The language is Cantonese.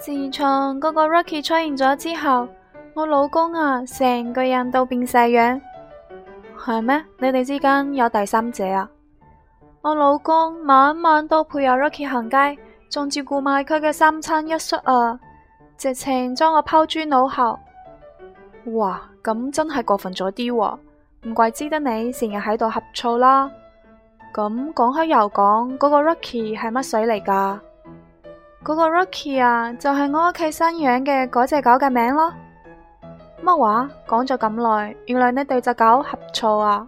自從嗰個 Rocky 出現咗之後，我老公啊，成個人都變晒樣。係咩？你哋之間有第三者啊？我老公晚晚都陪阿 Rocky 行街，仲照顧埋佢嘅三餐一宿啊，直情將我拋諸腦後。哇，咁真係過分咗啲喎，唔怪之得你成日喺度呷醋啦。咁講開又講，嗰個 Rocky 係乜水嚟噶？嗰個 rocky 啊，就係、是、我屋企新養嘅嗰隻狗嘅名咯。乜話？講咗咁耐，原來你對隻狗呷醋啊！